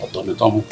Antonio Tomo.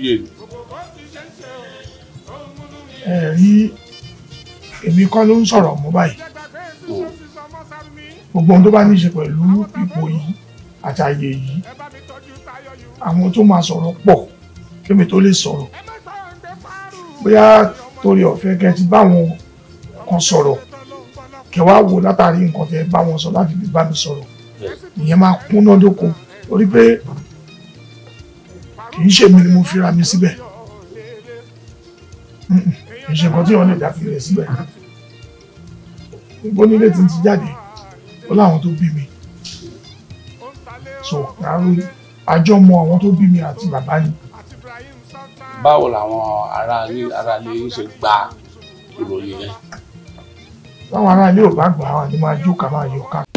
wuyè. ẹ rí èmi kọ́ ló ń sọ̀rọ̀ mọ́ báyìí gbogbo ohun tó bá ní í ṣe pẹ̀lú ipò yìí àti àyè yìí àwọn tó máa sọ̀rọ̀ pọ̀ kémi tó lè sọ̀rọ̀ bóyá torí ọ̀fẹ́ kẹ́ ti báwọn kan sọ̀rọ̀ kẹ́ wá wò látàrí nǹkan tẹ́ báwọn sọ láti fi bá mi sọ̀rọ̀ ìyẹn máa kúnná dóko torí pé kì í ṣe mi ni mo fira mi síbẹ̀ kì í ṣe nǹkan tí wọn lè dá fi rẹ̀ síbẹ̀ níbo nílé tí n ti jáde ó láwọn tó bí mi so àjọ mọ àwọn tó bí mi àti bàbá yìí. báwo làwọn aráalé yìí ṣe gba ìròyìn yẹn. báwọn aráalé ò bá gbà á wà máa jó ká máa yọ ká.